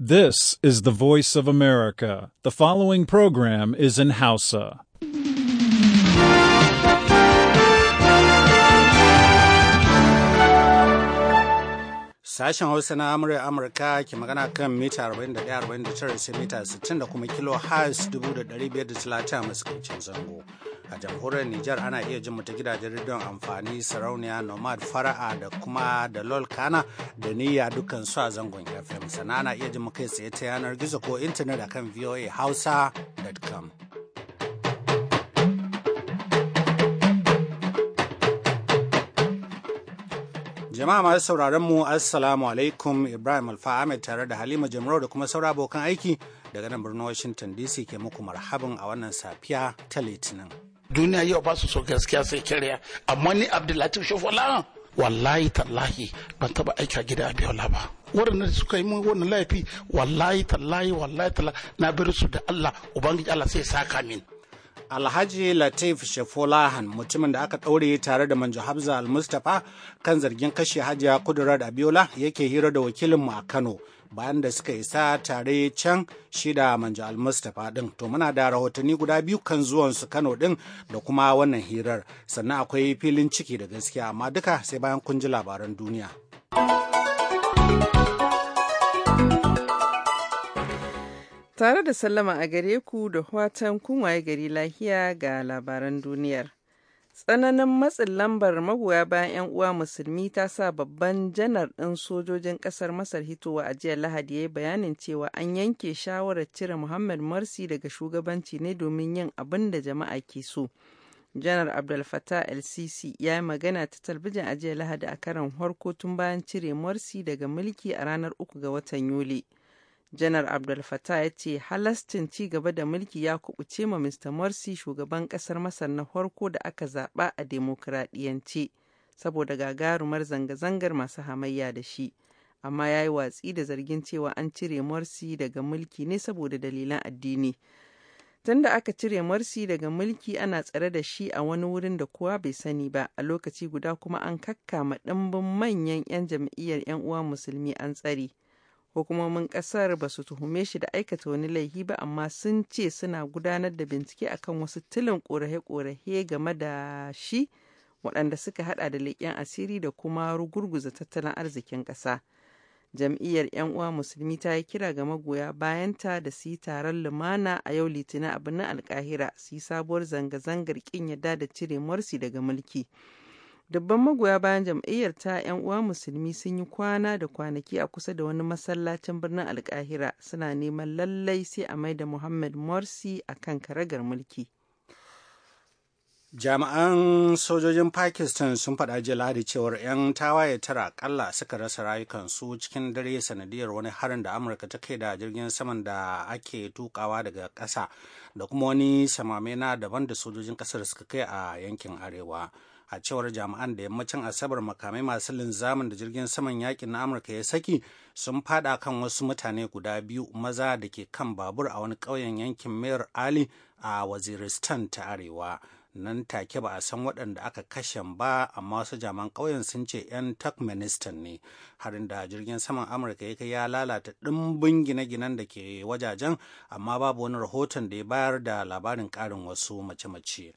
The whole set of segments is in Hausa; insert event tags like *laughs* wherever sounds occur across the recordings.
This is the voice of America. The following program is in Hausa. Sashen Hausa na Amurka Amurka ke magana kan mita 41 sai mita 60 da kuma kilo has 530 a matsakaicin zango. a jamhuriyar Nijar ana iya jin ta gidajen rediyon amfani sarauniya nomad fara'a da kuma da lol kana da niyya dukkan su a zangon fm sana ana iya jin kai tsaye ta yanar gizo ko intanet akan voa hausa.com. jama'a masu sauraron mu assalamu alaikum ibrahim alfa ahmed tare da halima jimro da kuma saura abokan aiki daga nan birnin washington dc ke muku marhaban a wannan safiya ta litinin duniya yau ba su so gaskiya sai kirya amma ni Abdullahi abdullatif lahan. wallahi tallahi ban taba aika gida a biyola ba waɗanda suka yi mun wannan laifi wallahi tallahi wallahi tallahi na bar su da Allah ubangiji Allah sai saka min Alhaji Latif Shafolahan mutumin da aka ɗaure tare da Manjo Habza Al-Mustapha kan zargin kashe Hajiya Kudura da Abiola yake hira da wakilinmu a Kano. bayan da suka isa tare can shida manja almustapha din to muna da rahotanni guda biyu kan zuwan su kano din da kuma wannan hirar sannan akwai filin ciki da gaskiya amma duka sai bayan kun ji labaran duniya tare da sallama a gare ku da watan kunwaye gari lahiya ga labaran duniyar Tsananin matsin lambar magoya bayan 'yan uwa musulmi ta sa babban janar ɗin sojojin ƙasar Masar hitowa a jiya Lahadi ya yi bayanin cewa an yanke shawarar cire Muhammad Morsi daga shugabanci ne domin yin abin da jama'a ke so. Janar Abdul LCC ya yi magana ta talbijin a jiya Lahadi a karan harko tun bayan cire Morsi daga mulki a ranar uku ga watan Yuli. janar abdul fattah ya ce halastin ci gaba da mulki ya kubuce ma mr morsi shugaban kasar masar na farko da aka zaba a demokradiyance saboda gagarumar zanga-zangar masu hamayya da shi amma ya yi watsi da zargin cewa an cire morsi daga mulki ne saboda dalilan addini tun aka cire morsi daga mulki ana tsare da shi a wani wurin da kowa bai sani ba a lokaci guda kuma an kakka ma ɗimbin manyan 'yan jam'iyyar 'yan uwa musulmi an tsare hukumomin ƙasar ba su tuhume shi da aikata wani laifi ba amma sun ce suna gudanar da bincike akan wasu tilin korahe-korahe game da shi waɗanda suka haɗa da leƙen asiri da kuma rugurguza tattalin arzikin ƙasa jam'iyyar 'yan uwa musulmi ta yi kira ga magoya bayanta da su yi taron lumana a yau litinin abu na alkahira su yi sabuwar zanga-zangar ƙin yadda da cire morsi daga mulki dabban magoya bayan jam'iyyar ta 'yan uwa musulmi sun yi kwana da kwanaki a kusa da wani masallacin birnin Alkahira suna neman lallai sai a da Muhammad Morsi a kan karagar mulki. Jami'an sojojin Pakistan sun faɗa jiya Lahadi cewar 'yan tawaye tara kalla suka rasa rayukansu cikin dare sanadiyar wani harin da Amurka ta kai da jirgin saman da ake tukawa daga ƙasa da kuma wani samame daban da sojojin ƙasar suka kai a yankin arewa. a cewar jami'an da yammacin asabar makamai masu linzamin da jirgin saman yakin na amurka ya saki sun fada kan wasu mutane guda biyu maza da ke kan babur a wani ƙauyen yankin Miyar ali a waziristan ta arewa nan take ba a san waɗanda aka kashe ba amma wasu jaman ƙauyen sun ce 'yan turkmenistan ne harin da jirgin saman amurka ya kai ya lalata ɗimbin gine-ginen da ke wajajen amma babu wani rahoton da ya bayar da labarin ƙarin wasu mace-mace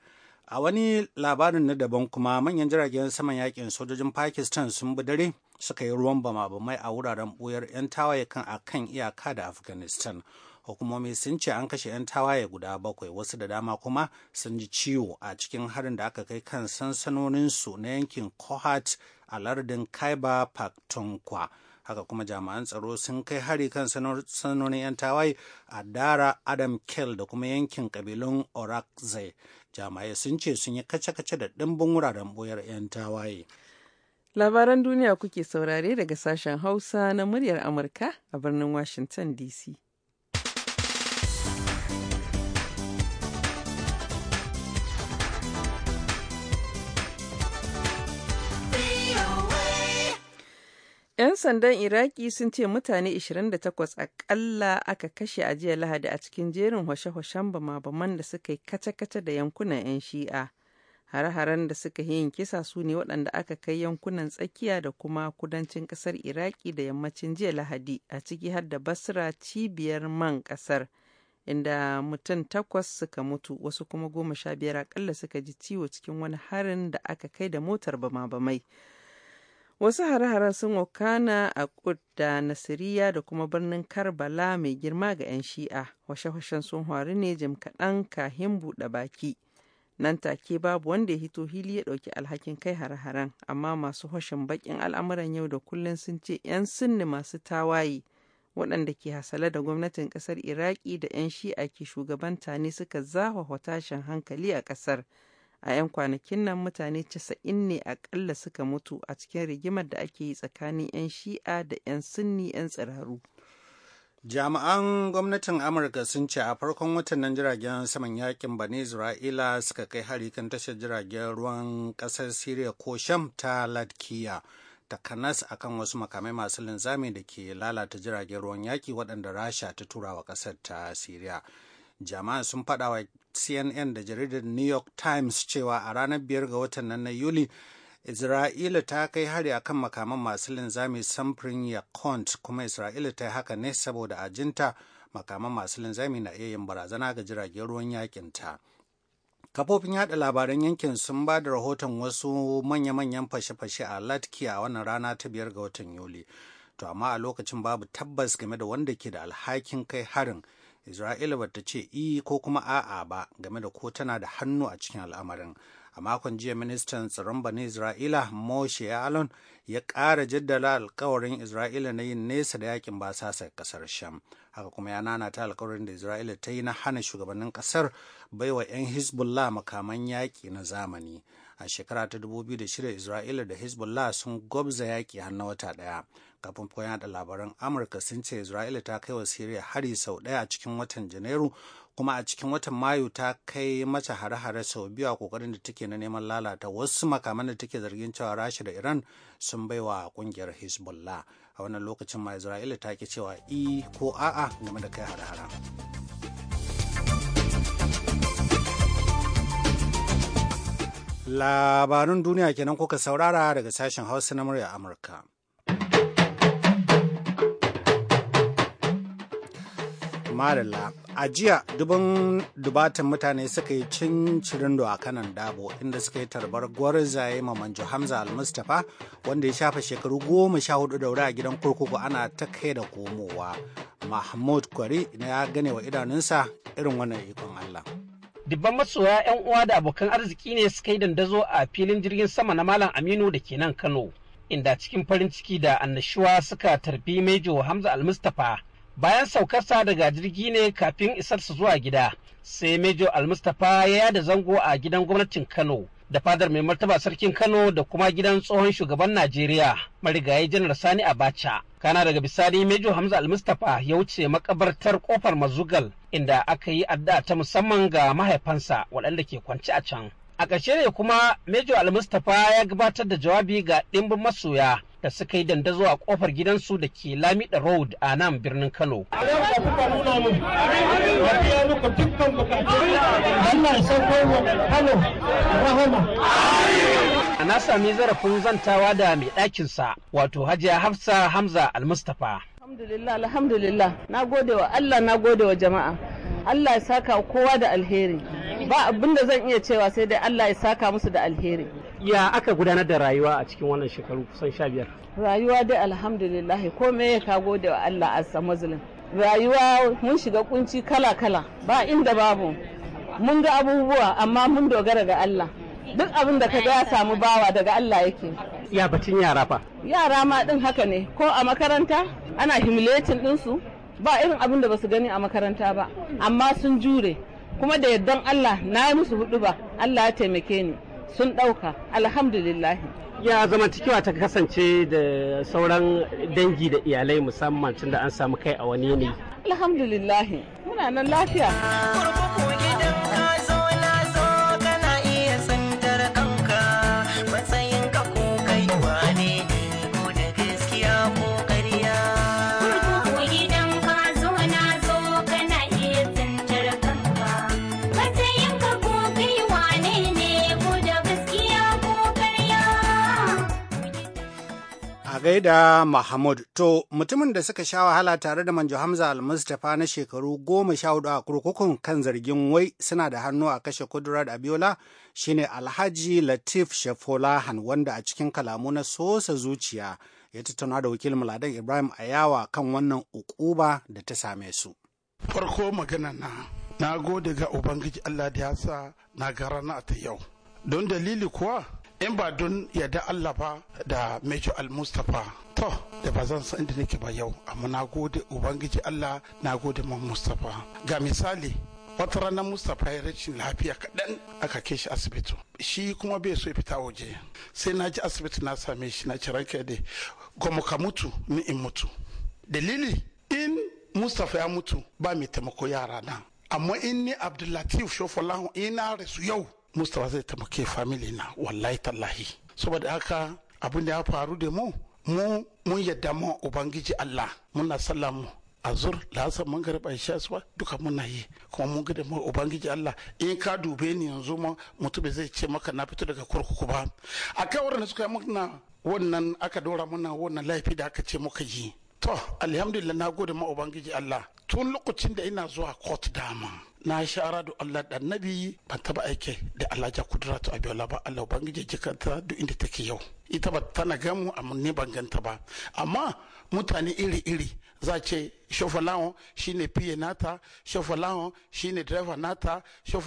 a wani labarin na daban kuma manyan jiragen saman yakin sojojin pakistan sun bi dare suka yi ruwan bama-bamai a wuraren ɓuyar 'yan tawaye kan a kan iyaka da afghanistan hukumomi sun ce an kashe 'yan tawaye guda bakwai wasu da dama kuma sun ji ciwo a cikin harin da aka kai kan sansanoninsu na yankin kohat a lardin kaiba tunkwa. haka kuma jami'an tsaro sun kai hari kan sanonin 'yan tawaye a dara adam kel da kuma yankin kabilun orakzai jami'ai sun ce sun yi kace-kace da ɗimbin wuraren boyar 'yan tawaye labaran duniya kuke saurare daga sashen hausa na muryar amurka a birnin washington dc 'Yan sandan Iraki sun ce mutane 28 akalla aka kashe a jiya Lahadi a cikin jerin hwashe-hwashen bama-baman da suka yi kace-kace da yankunan 'yan Shi'a. Hare-haren da suka yin kisa su ne waɗanda aka kai yankunan tsakiya da kuma kudancin ƙasar Iraki da yammacin jiya Lahadi a ciki har da Basra cibiyar man ƙasar. Inda mutum takwas suka mutu wasu kuma goma sha biyar akalla suka ji ciwo cikin wani harin da aka kai da motar bama-bamai. Wasu hare-haren sun wakana a ƙuda da Nasiriya da kuma birnin Karbala mai girma ga 'yan Shi'a. Washe-washen sun faru ne jim kaɗan kahin buɗe baki. Nan take babu wanda ya hito hili ya ɗauki alhakin kai hare-haren, amma masu hoshin bakin al'amuran yau da kullum sun ce 'yan sunni masu tawaye waɗanda ke hasale da gwamnatin ƙasar Iraki da 'yan Shi'a ke shugabanta ne suka zahawa tashin hankali a ƙasar. a 'yan kwanakin nan mutane 90 ne akalla suka mutu a cikin rigimar da ake yi tsakanin 'yan shi'a da 'yan sunni 'yan tsiraru jami'an gwamnatin amurka sun ce a farkon watan nan jiragen saman yakin bane isra'ila suka kai hari kan tashar jiragen ruwan kasar syria ko sham ta latkiya ta kanas akan wasu makamai masu linzami da ke lalata jiragen ruwan yaki waɗanda rasha ta tura wa ƙasar ta syria jama'a sun faɗa wa cnn da jaridar new york times cewa a ranar biyar ga watan nan na yuli isra'ila ta kai hari a kan makaman masu linzami samfurin yakont kuma isra'ila ta yi haka ne saboda ajinta makaman masu linzami na iya yin barazana ga jiragen ruwan yakinta kafofin yada labaran yankin sun ba da rahoton wasu manya-manyan fashe-fashe a latkiya a wannan rana ta biyar ga watan yuli to amma a lokacin babu tabbas game da wanda ke da alhakin kai harin isra'ila bata ce i ko kuma a'a ba game da ko tana da hannu a cikin al'amarin a makon jiya ministan tsaron bane isra'ila moshe alon ya ƙara jaddala alkawarin isra'ila na yin nesa da yakin basasa ƙasar sham haka kuma ya nana ta alkawarin da isra'ila ta yi na hana shugabannin kasar baiwa 'yan hezbollah makaman yaƙi na zamani a shekara ta 2006 isra'ila da hezbollah sun gwabza yaƙi har na wata ɗaya kafin koyan da labaran amurka sun ce isra'ila ta kai wa syria hari sau daya a cikin watan janairu kuma a cikin watan mayu ta kai mata hare-hare sau biyu a kokarin da take na neman lalata wasu makaman da take zargin cewa rasha da iran sun baiwa kungiyar hezbollah a wannan lokacin ma isra'ila ta ki cewa i ko a'a game da kai hare-haren Labarun duniya kenan kuka saurara daga sashen Hausa na murya Amurka. Marilla. A jiya dubin dubatan mutane suka yi cin cincirindo a kanan dabo inda suka yi tarbar gwarzaye mamanjo Hamza Al-Mustapha wanda ya shafa shekaru goma sha hudu da wuri a gidan kurkuku ana ta kai da komowa. Mahmud Kwari ya gane wa idanunsa irin wannan ikon Allah. dubban masoya 'yan uwa da abokan arziki ne suka yi dandazo a filin jirgin sama na malam aminu da ke nan kano inda cikin farin ciki da annashuwa suka tarbi mejo hamza al-mustapha. bayan saukarsa daga jirgi ne kafin isarsa zuwa gida sai mejo almustapha ya yada zango a gidan gwamnatin kano da fadar mai martaba sarkin kano da kuma gidan tsohon shugaban najeriya marigayi janar sani abacha kana daga bisani mejo hamza almustapha ya wuce makabartar kofar mazugal inda aka yi addu'a ta musamman ga mahaifansa waɗanda ke kwance a can a ƙarshe ne kuma major almustapha ya gabatar da jawabi ga ɗimbin masoya da suka yi danda a kofar gidansu da ke lamida road a nan birnin kano a na sami zarafin zantawa da mai ɗakinsa wato hajiya hafsa hamza almustapha alhamdulillah alhamdulillah na gode wa allah na gode wa jama'a allah ya saka kowa da alheri ba abin da zan iya cewa sai dai Allah ya saka musu da alheri ya aka gudanar da rayuwa a cikin wannan shekaru kusan sha biyar rayuwa dai alhamdulillah me ya kago da Allah azza muslim rayuwa mun shiga kunci kala kala ba inda babu mun ga abubuwa amma mun dogara ga Allah duk abin da ka ga ya samu bawa daga Allah yake ya batun yara fa yara ma din haka ne ko a makaranta ana humiliating ɗinsu ba irin abin da basu gani a makaranta ba amma sun jure kuma da yardan Allah na yi musu hudu ba Allah ya taimake ni sun ɗauka alhamdulillahi ya zama cikiwa ta kasance da sauran dangi da iyalai musamman tunda an samu kai a wani yanayi alhamdulillah muna nan lafiya gaida Mahmud. To, mutumin da suka sha wahala tare da Manjo Hamza Al-Mustapha na shekaru goma sha hudu a kurkukun kan zargin wai suna da hannu a kashe kudurar Abiola shine Alhaji Latif shefolahan wanda a cikin kalamu na sosa zuciya ya tattauna da wakilin Muladan Ibrahim Ayawa kan wannan ukuba da ta same su. Farko magana na, na gode ga Ubangiji Allah da ya sa na gara na ta yau. Don dalili kuwa in ba don yadda Allah ba da Mejo Al-Mustapha to da ba zan san inda nake ba yau amma na gode ubangiji Allah na gode man Mustapha ga misali wata ranar Mustapha ya rashin lafiya kaɗan aka kai shi asibiti shi kuma bai so ya fita waje sai na ji asibiti na same shi na ci ranka da goma ka mutu ni in mutu dalili in Mustapha ya mutu ba mai taimako yara na amma in ni Abdullatif Shofolahu ina rasu yau mustapha zai taimake family na wallahi tallahi saboda haka abin da ya faru da mu mu mun yadda mu ubangiji allah muna sallamu azur lasan mun garba aisha suwa duka muna yi kuma mun gida mu ubangiji Allah in ka dube ni yanzu ma mutum zai ce maka na fito daga kurkuku ba a kai wurin suka muna wannan aka dora muna wannan laifi da aka ce muka yi to alhamdulillah na gode ma ubangiji Allah tun lokacin da ina zuwa court dama na shara da Allah da nabi ban taba aike da Alhaji Kudratu Abiola ba Allah ubangiji jikanta duk inda take yau ita ba tana gamu amma ne ban ganta ba amma mutane iri-iri za ce shi shine fiye nata shi shine driver nata shi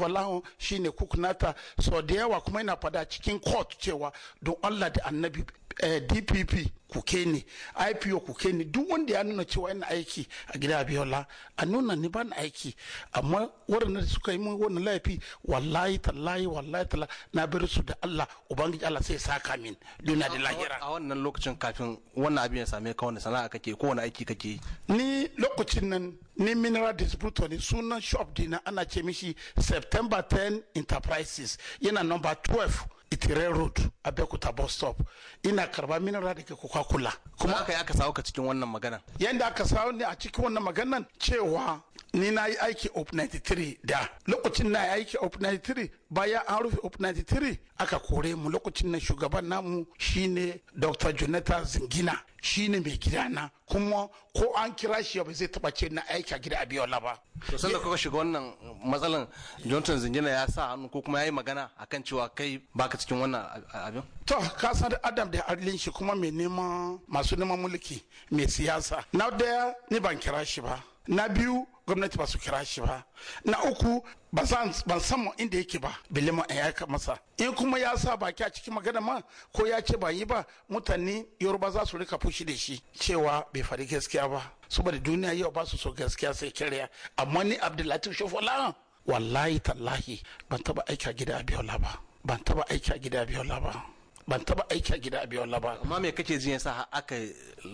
shine cook nata so da yawa kuma ina fada cikin court cewa don Allah da annabi Eh, dpp kuke ne ipo kuke ne duk wanda ya nuna cewa ina aiki a gida biyola a nuna ni ban aiki amma waɗanda suka yi mun wannan laifi wallahi tallahi wallahi tallahi na bar su da Allah ubangiji Allah sai saka min duniya da lahira a wannan lokacin kafin wannan abin ya same ka wani sana'a kake ko wani aiki kake ni lokacin nan ni mineral distributor ne sunan shop dina ana ce mishi September 10 Enterprises yana number 12 itiren road abekuta bus stop ina karba minara da ke coca cola kuma aka yi aka sawo ka cikin wannan magana yanda aka sawo ne a cikin wannan maganan cewa ni na yi aiki op 93 da lokacin na yi aiki op 93 bayan an rufe op 93 aka kore mu lokacin na shugaban namu shine dr jonathan zingina shine mai gidana kuma ko an kira shi ba zai taba ce na aiki a gida abiyola ba to sanda kuka shiga wannan matsalan jonathan zingina ya sa hannu ko kuma ya yi magana akan cewa kai baka cikin wannan abin to ka san adam da adalin shi kuma mai neman masu neman mulki mai siyasa na daya ni ban kira shi ba na biyu gwamnati ba su kira shi ba na uku ban san inda yake ba bilima a yaka masa in kuma ya sa baki a cikin magana ma ko ya ce ba yi ba mutane yoruba za su rika fushi da shi cewa bai fari gaskiya ba saboda duniya yau ba su so gaskiya sai kirya amma ni abdulatif Fola wallahi tallahi ban taba aiki a gida biyola ba ban taba aiki a gida biyola ba ban taba aiki a gida a biyu ba amma me kake ji yasa aka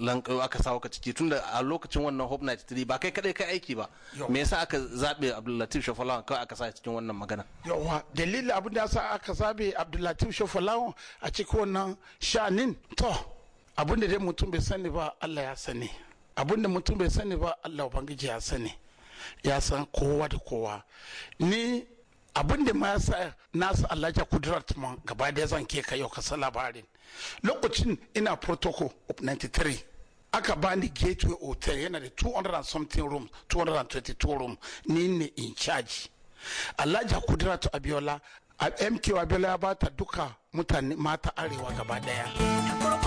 lanka aka sa ka ciki tunda a lokacin wannan hope 93 ba kai kadai kai aiki ba me yasa aka zabe abdullatif shafalawan kawai aka sa cikin wannan magana yawa dalilin abin da yasa aka zabe abdullatif shafalawan a cikin wannan shanin to abin da dai mutum bai sani ba Allah ya sani abin da mutum bai sani ba Allah ubangiji ya sani ya san kowa da kowa ni abin da ma sa nasu alhaji kudrat ma gaba da zan ke ka yau ka sa labarin lokacin ina protocol of 93 aka bani gateway hotel yana da 200 and something room 222 room ni ne in charge alhaji kudrat abiola mk abiola ya bata duka mutane mata arewa gaba daya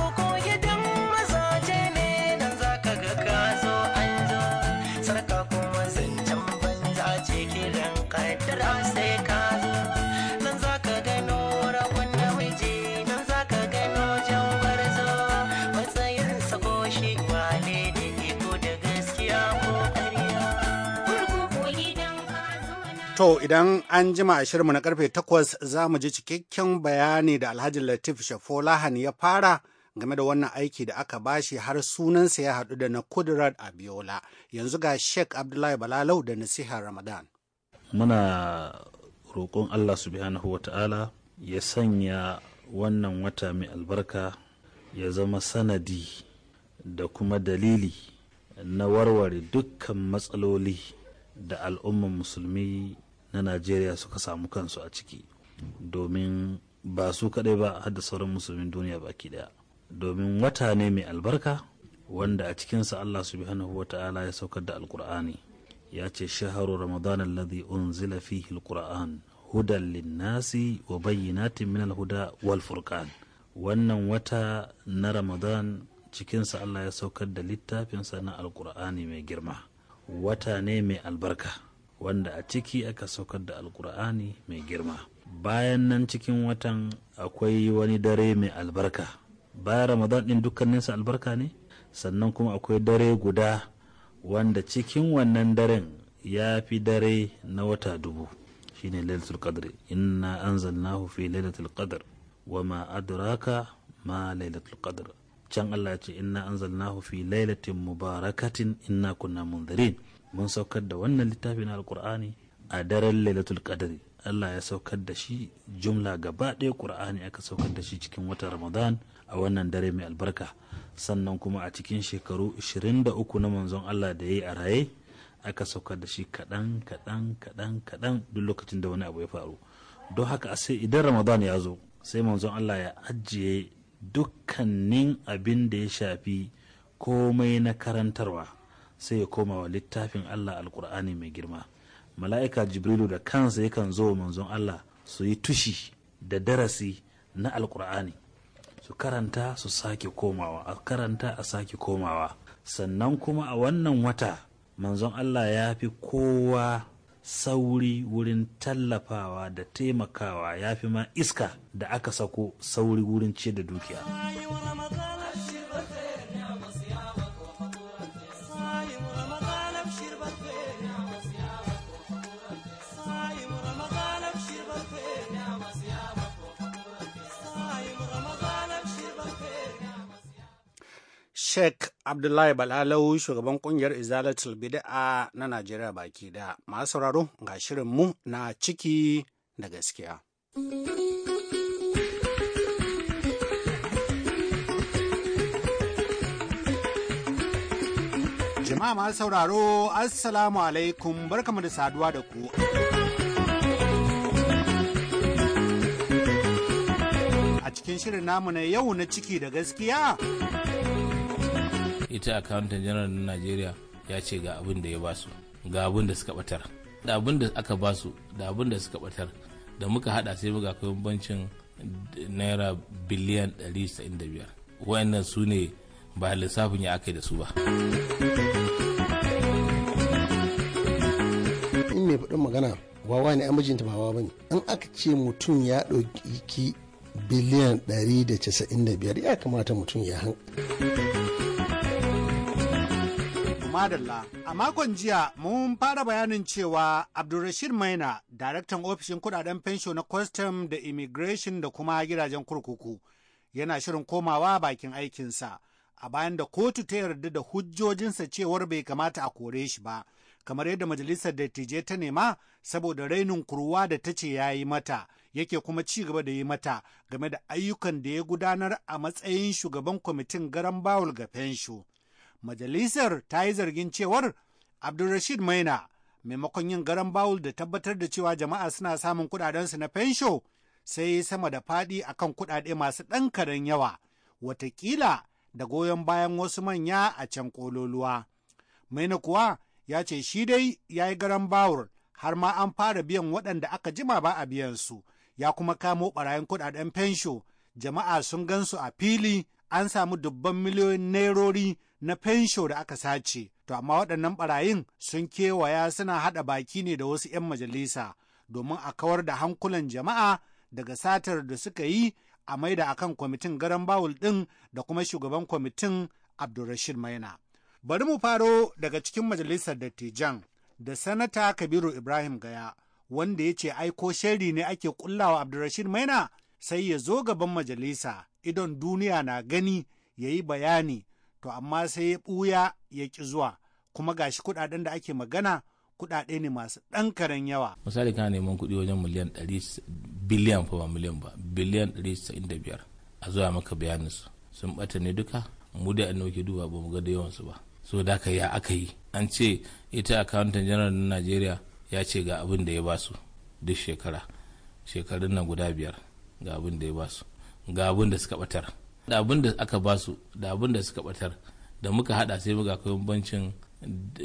To idan an jima a shirinmu na karfe takwas za mu ji cikakken bayani da Alhaji Latif Shafo Shafolahan ya fara game da wannan aiki da aka bashi har sunansa ya haɗu da na Kudrat Abiola. Yanzu ga Sheikh Abdullahi Balalau da nasiha Ramadan. muna roƙon allah subhanahu wa ta'ala ya sanya wannan wata mai albarka ya zama sanadi da kuma dalili na warware dukkan matsaloli da al'umman musulmi na najeriya suka samu kansu a ciki domin ba su kadai ba har sauran musulmin duniya baki daya domin wata ne mai albarka wanda a cikinsa allah subhanahu wa ta'ala ya saukar da alkur'ani ya ce shaharu ramadan alladhi unzila fihi alquran hudan linnasi wa bayyinatin min alhuda wal furqan wannan wata na ramadan cikinsa allah ya saukar da littafinsa na alkur'ani mai girma wata ne mai albarka wanda a ciki aka saukar da alkur'ani mai girma bayan nan cikin watan akwai wani dare mai albarka bayan ramadan din dukkaninsa albarka ne sannan kuma akwai dare guda wanda cikin wannan daren ya fi dare na wata dubu Shi shine lailatul qadr inna anzalnahu fi lailatul qadr wa ma adraka ma lailatul qadr can Allah ce inna anzalnahu fi lailatin mubarakatin inna kunna munzirin mun saukar da wannan littafin alqur'ani a daren lailatul qadr Allah ya saukar da shi jumla gaba ɗaya qur'ani aka saukar da shi cikin watan Ramadan a wannan dare mai albarka sannan kuma a cikin shekaru 23 na manzon Allah da ya yi a raye aka sauka da shi kaɗan kaɗan kaɗan kaɗan duk lokacin da wani abu ya faru don haka sai idan ramadan ya zo sai manzon Allah ya ajiye dukkanin abin da ya shafi komai na karantarwa sai ya koma wa littafin Allah alkur'ani mai girma mala'ika jibrilu da kansa yakan zo manzon Allah su yi tushi da darasi na alkur'ani su karanta su sake komawa a karanta a sake komawa sannan kuma a wannan wata manzon Allah ya fi kowa sauri wurin tallafawa da taimakawa ya fi ma iska da aka sako sauri wurin ce da dukiya. Sheikh Abdullahi Balalau shugaban kungiyar Izalatul Bid'a na Najeriya baki da masu sauraro ga shirin mu na ciki da gaskiya. Jama'a masu sauraro, Assalamu alaikum, barkamu da saduwa da ku. A cikin shirin namu na yau na ciki da gaskiya. ita accountant general na najeriya ya ce ga abin da ya basu ga abin da suka batar da abin da aka basu da abin da suka batar da muka hada sai muka kai bancin naira biliyan 195 wayannan su ne ba lissafin ya aka da su ba in mai faɗin magana wawa ne amijinta ba wawa ne an aka ce mutum ya ɗauki biliyan 195 ya kamata mutum ya hankali madalla a makon jiya mun fara bayanin cewa abdulrashid maina daraktan ofishin kudaden fensho na Kwastam da immigration da kuma gidajen kurkuku yana shirin komawa bakin aikinsa a bayan da kotu ta yarda da hujjojinsa cewar bai kamata a kore shi ba kamar yadda majalisar dattijai ta nema saboda rainin kurwa da ta ce ya yi mata yake kuma ci gaba da yi mata game da ayyukan da ya gudanar a matsayin shugaban kwamitin garan bawul ga fensho Majalisar ta yi zargin cewar Abdulrashid Maina maimakon yin garan bawul da tabbatar da cewa jama'a suna samun kudadensu na fensho sai sama da faɗi akan kudade masu ɗan karen yawa watakila da goyon bayan wasu manya a can kololuwa. Maina kuwa ya ce shi dai ya yi garan bawul har ma an fara biyan waɗanda aka jima ba a biyan su ya kuma kamo ɓarayin kudaden fensho jama'a sun gansu a fili an samu dubban miliyoyin nairori na fensho da aka sace, to amma waɗannan barayin sun kewaya suna haɗa baki ne da wasu 'yan majalisa domin a kawar da hankulan jama'a daga satar da suka yi a maida akan kwamitin garan bawul ɗin da kuma shugaban kwamitin Abdulrashid Maina. Bari mu faro daga cikin majalisar dattijan da sanata Kabiru Ibrahim Gaya wanda ya ce aiko shari ne ake kullawa Abdulrashid Maina sai ya zo gaban majalisa idon duniya na gani ya yi bayani to amma sai ya ɓuya ya ƙi zuwa kuma gashi kuɗaɗen da ake magana kuɗaɗe ne masu ɗan karen yawa. misali kana neman kuɗi wajen miliyan ɗari biliyan fa ba miliyan ba biliyan ɗari sa'in da biyar a zuwa maka bayanin su sun ɓata ne duka mu da an nauke duba ba mu ga da yawan su ba so da ka ya aka yi an ce ita akawuntan janar na najeriya ya ce ga abin da ya ba su duk shekara shekarun nan guda biyar ga abin da ya ba su ga abin da suka ɓatar da abin da aka ba su da abin da suka batar da muka hada sai muka kai bancin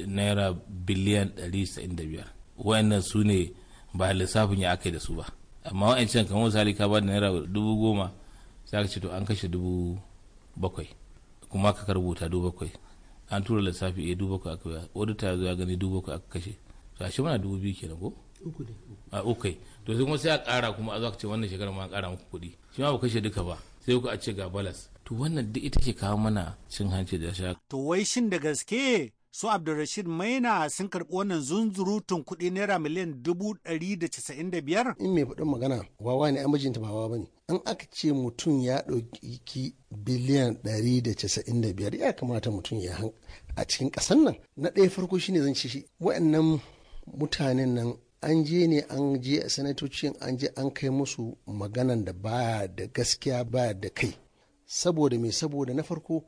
naira biliyan 195 wayannan su ne ba lissafin ya aka da su ba amma wayancan kamar misali ka ba da naira dubu goma sai aka ce to an kashe dubu bakwai kuma ka rubuta dubu bakwai an tura lissafi a eh, dubu bakwai aka biya ta zuwa gani dubu bakwai aka kashe to a shi mana dubu biyu kenan ko uku ne a uku to sai kuma sai a kara kuma a zo ka ce wannan shekarar ma an kara muku kuɗi shi ma ba kashe duka ba sai ku a ce ga balas to wannan duk ita ke kawo mana cin hanci da sha to wai shin da gaske su Abdulrashid Maina sun karɓi wannan zunzurutun kuɗi naira miliyan dubu ɗari da casa'in da biyar? In mai faɗin magana wawa ne an mijinta ba wawa bane. An aka ce mutum ya ɗauki biliyan ɗari da casa'in da biyar ya kamata mutum ya a cikin ƙasar nan. Na ɗaya farko shine zan ce shi waɗannan mutanen nan an je ne an je a sanatocin an je an kai musu maganan da baya da gaskiya baya da kai saboda mai saboda na farko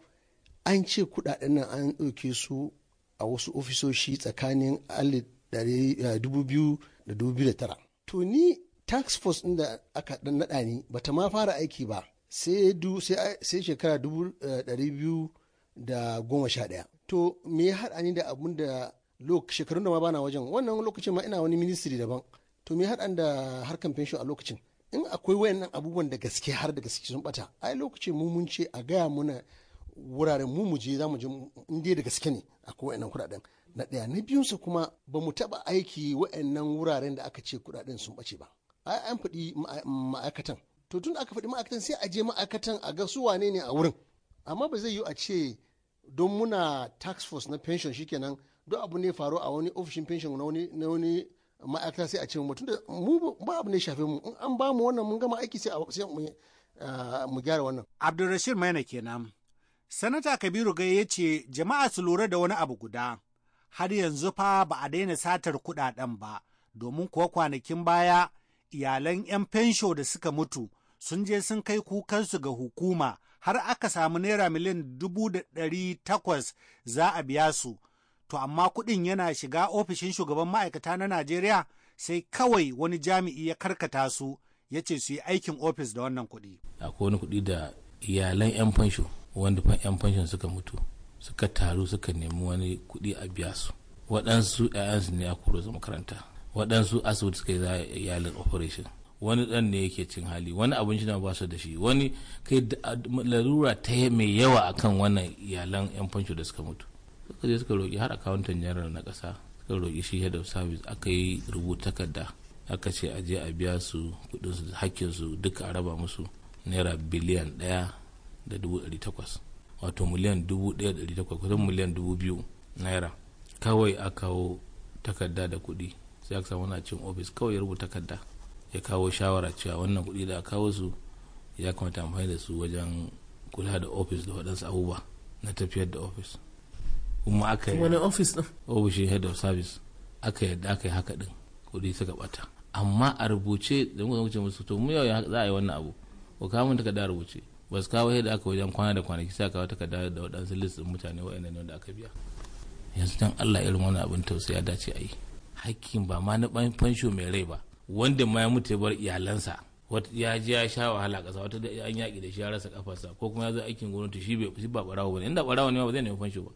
an ce kudaden nan an ɗauke su a wasu ofisoshi tsakanin 2009 eh, to ni tax force da aka dan naɗa ni bata ma fara aiki ba sai shekara 2011 eh, to me ya haɗa ni da abun da shekarun da ma bana wajen wannan lokacin ma ina wani ministry daban to me haɗan da harkan pension a lokacin in akwai wayannan abubuwan da gaske har da gaske sun bata ai lokacin mu mun ce a gaya muna wuraren mu mu je za mu je in dai da gaske ne akwai wayannan kudaden. na ɗaya na su kuma ba mu taɓa aiki wayannan wuraren da aka ce kudaden sun bace ba ai an faɗi ma'aikatan to tun aka faɗi ma'aikatan sai a je ma'aikatan a ga su wane ne a wurin amma ba zai yi a ce don muna tax force na pension shikenan duk abu ne faru a wani ofishin pension na wani na wani ma'aikata sai a ce mu tunda mu ba abu ne shafe mu in an ba mu wannan mun gama aiki sai eh, mu gyara wannan Abdulrashid Maina kenan Sanata Kabiru Gaye ya ce jama'a su lura da wani abu guda har yanzu fa ba a daina satar kudaden ba domin kuwa kwanakin baya iyalan 'yan fensho da suka mutu sun je sun kai kukansu ga hukuma har aka samu naira miliyan dubu da ɗari takwas za a biya su to amma kuɗin yana shiga ofishin shugaban ma'aikata na Najeriya sai kawai wani jami'i ya karkata su ya ce su yi aikin ofis da wannan kuɗi. Akwai wani kuɗi da iyalan 'yan fansho wanda 'yan fanshon suka mutu suka taru suka nemi wani kuɗi a biya su. Waɗansu 'ya'yansu ne a kuro su makaranta. Waɗansu asibiti suka yi iyalan operation. Wani ɗan ne yake cin hali wani abinci na ba su da shi wani kai larura ta mai yawa akan wannan iyalan 'yan fansho da suka mutu. suka je suka roƙi har akawuntan janar na ƙasa suka roƙi shi head of service aka yi rubuta takarda aka ce a je a biya su kuɗin su hakkin su duka a raba musu naira biliyan ɗaya da dubu ɗari takwas wato miliyan dubu ɗaya da ɗari takwas kusan miliyan dubu biyu naira kawai a kawo takarda da kuɗi sai aka samu na cin ofis kawai ya rubuta kadda ya kawo shawara cewa wannan kuɗi da kawo su ya kamata amfani da su wajen kula da ofis da waɗansu abubuwa na tafiyar da ofis kuma aka wani office din ofishin head of service aka yadda aka yi haka din kudi suka bata amma a rubuce da muka wuce musu to mu yau za a yi wannan abu ko ka mun takarda rubuce ba su kawo yadda aka wajen kwana da kwanaki sai kawo takarda da waɗansu list din mutane waɗannan wanda aka biya yanzu dan Allah irin wannan abin tausayi ya dace a yi hakkin ba ma na fansho mai rai ba wanda ma ya mutu bar iyalansa wata ya ji ya sha wahala ƙasa wata an yaƙi da shi ya rasa kafarsa ko kuma ya zo aikin gwamnati shi ba ba bane inda barawo ne ba zai nemi fansho ba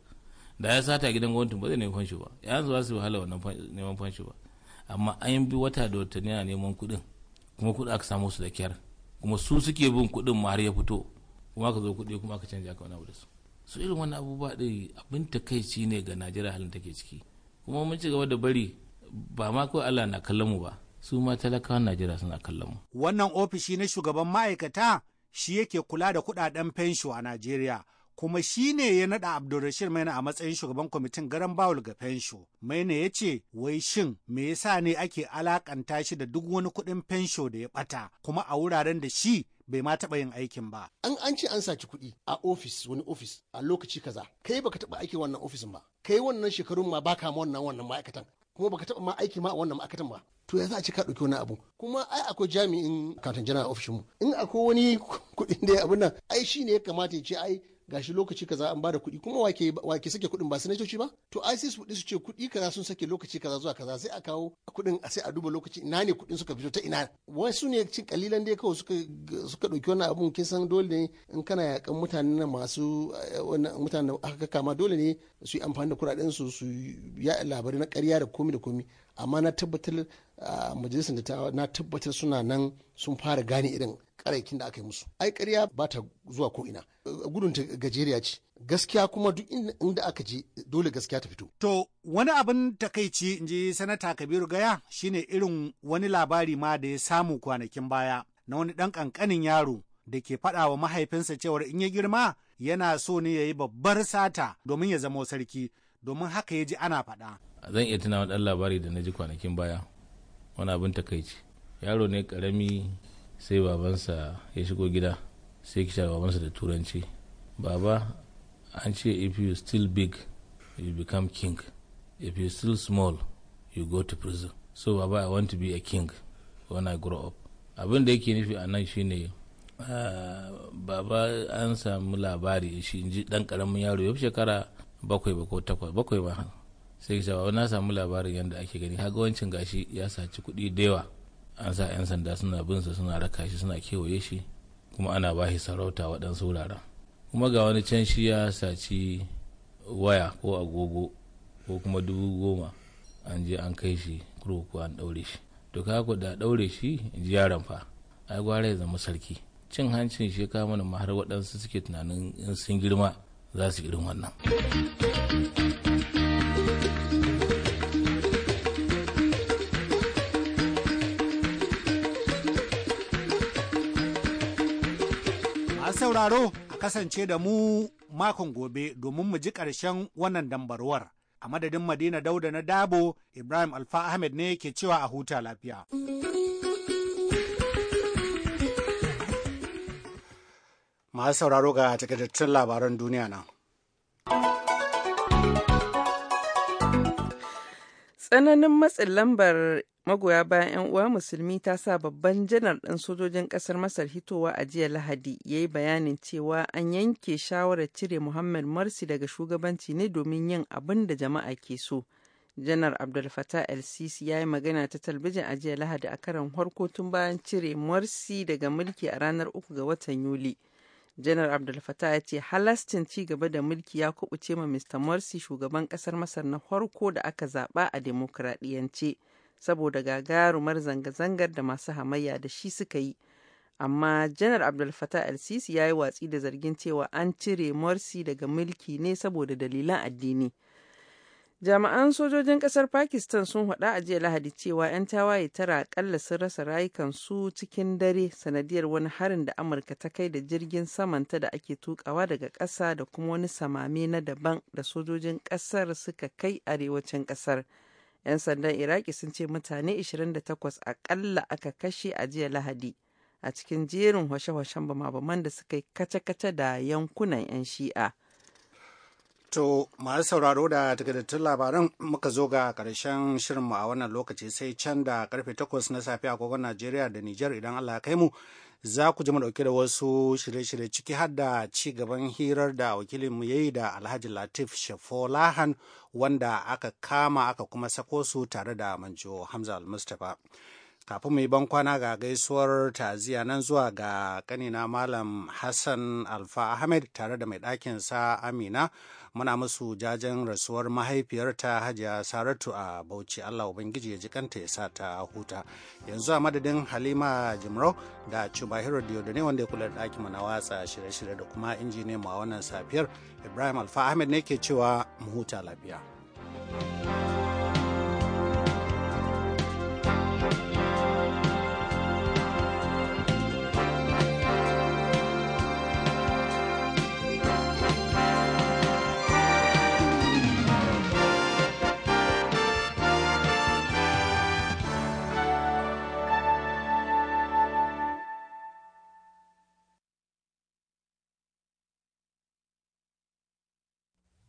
da ya sata gidan gwamnatin ba zai nemi fanshi ba yanzu ba su wahala wannan neman fanshi ba amma an bi wata da wata yana neman kuɗin kuma kuɗi aka samu su da kyar kuma su suke bin kuɗin ma har ya fito kuma aka zo kuɗi kuma aka canja aka wani abu da su su irin wani abubuwa ɗin abin takaici ne ga najeriya halin take ciki kuma mun ci gaba da bari ba ma kawai allah na kallon mu ba su ma talakawan najeriya suna kallon mu wannan ofishi na shugaban ma'aikata shi yake kula da kuɗaɗen fensho a najeriya kuma shi ne ya naɗa Abdulrashid Maina a matsayin shugaban kwamitin garan Bawul ga fensho. Maina ya ce, wai shin me yasa ne ake alakanta shi da duk wani kuɗin fensho da ya ɓata kuma a wuraren da shi bai ma taɓa yin aikin ba. An an ce an saki kuɗi a ofis wani ofis a lokaci kaza. Kai baka taɓa aikin wannan ofisin ba. Kai wannan shekarun ma baka ma wannan wannan ma'aikatan. Kuma baka taɓa ma aiki ma a wannan ma'aikatan ba. to ya a ci ka ɗauki wani abu kuma ai akwai jami'in kantan general ofishin mu in akwai wani *laughs* kuɗin da ya abin nan ai shi ne ya kamata ya ce ai gashi lokaci kaza an bada kuɗi kuma wake wake sake kuɗin ba coci ba to ISIS sai su ce kuɗi kaza sun sake lokaci kaza zuwa kaza sai a kawo kuɗin a sai a duba lokaci ina ne kuɗin suka fito ta ina wasu ne cin kalilan dai kawai suka suka dauki wannan abun kin san dole ne in kana yakan mutanen nan masu eh, wannan mutanen aka kama dole ne su yi amfani da kuɗaɗen su su ya labari na ƙarya da komi da komi amma na tabbatar ah, majalisar da ta na tabbatar suna nan sun fara gane irin karaikin da aka yi musu ai ƙarya ba ta zuwa ko ina gudun ta gajeriya ce gaskiya kuma duk inda aka je dole gaskiya ta fito to wani abin takaici in ji sanata kabiru gaya shine irin wani labari ma da ya samu kwanakin baya na wani dan kankanin yaro da ke faɗa wa mahaifinsa cewar in ya girma yana so ne ya yi babbar sata domin ya zama sarki domin haka ya ji ana faɗa. zan iya tunawa dan labari da na ji kwanakin baya wani abin takaici yaro ne karami sai babansa ya shigo gida sai kisha babansa da turanci baba an ce if you still big you become king if you still small you go to prison so baba i want to be a king when i grow up abin da yake nufi a nan shine ah, baba an samu labari shi ji dan karamin yaro ya shekara bakwai ba ko takwas bakwai ba sai kisha baba na samu labarin yadda ake gani hagawancin gashi ya saci kuɗi da yawa an sa 'yan sanda suna bin sa suna raka shi suna kewaye shi kuma ana ba shi sarauta waɗansu wuraren kuma ga wani can shi ya saci waya ko agogo ko kuma dubu goma an je an kai shi kurkuku an ɗaure shi to ka ku da ɗaure shi ji yaron fa ai gwara ya zama sarki cin hancin shi ka mana har waɗansu suke tunanin in sun girma za su irin wannan sauraro a kasance da mu makon gobe domin mu ji ƙarshen wannan dambarwar. A madadin Madina Dauda na Dabo, Ibrahim Alfa Ahmed ne ke cewa a huta lafiya. Masu sauraro ga takaitattun labaran duniya nan. Tsananin matsin lambar magoya bayan 'yan uwa musulmi ta sa babban janar ɗin sojojin ƙasar Masar hitowa a jiya Lahadi ya yi bayanin cewa an yanke shawarar cire Muhammad Morsi daga shugabanci ne domin yin abin da jama'a ke so. Janar Abdul Fattah el-Sisi ya yi magana ta talbijin a jiya Lahadi a karan harko tun bayan cire Morsi daga mulki a ranar uku ga watan Yuli. janar abdul fatah ya ce halastin ci gaba da mulki ya kubuce ma mr morsi shugaban kasar masar na farko da aka zaba a demokradiyance saboda gagarumar zanga-zangar da masu hamayya da shi suka yi amma janar abdul fatah al-sisi ya yi watsi da zargin cewa an cire morsi daga mulki ne saboda dalilan addini Jami'an sojojin ƙasar Pakistan sun haɗa a jiya Lahadi cewa 'yan tawaye tara akalla sun rasa rayukansu cikin dare sanadiyar wani harin da Amurka ta kai da jirgin samanta da ake tukawa daga ƙasa da kuma wani samame na daban da sojojin ƙasar suka kai arewacin ƙasar. 'Yan sandan Iraki sun ce mutane 28 akalla aka kashe a jiya Lahadi a cikin jerin hwashe-hwashen bama-baman da suka yi kace-kace da yankunan 'yan Shi'a. To masu sauraro da takardattun labaran muka zo ga karshen shirin mu a wannan lokaci sai can da karfe takwas na safiya a agogon Najeriya da Nijar idan Allah kai mu za ku ji mu dauke da wasu shirye-shirye ciki har da ci gaban hirar da wakilinmu ya yi da Alhaji Latif Shafolahan wanda aka kama aka kuma sako su tare da Manjo Hamza Al-Mustapha. kafin mu yi bankwana ga gaisuwar ta'aziyya nan zuwa ga kanina malam hassan alfa ahmed tare da mai ɗakinsa amina muna musu jajen rasuwar mahaifiyarta hajiya saratu a bauchi allah ubangiji ya ji kanta ya sa ta huta yanzu a madadin halima jimrau da da diodone wanda ya kula da ɗakin mana watsa shirye-shirye da kuma injiniyan mu a wannan safiyar ibrahim alfa ahmed ne ke cewa mu huta lafiya thank you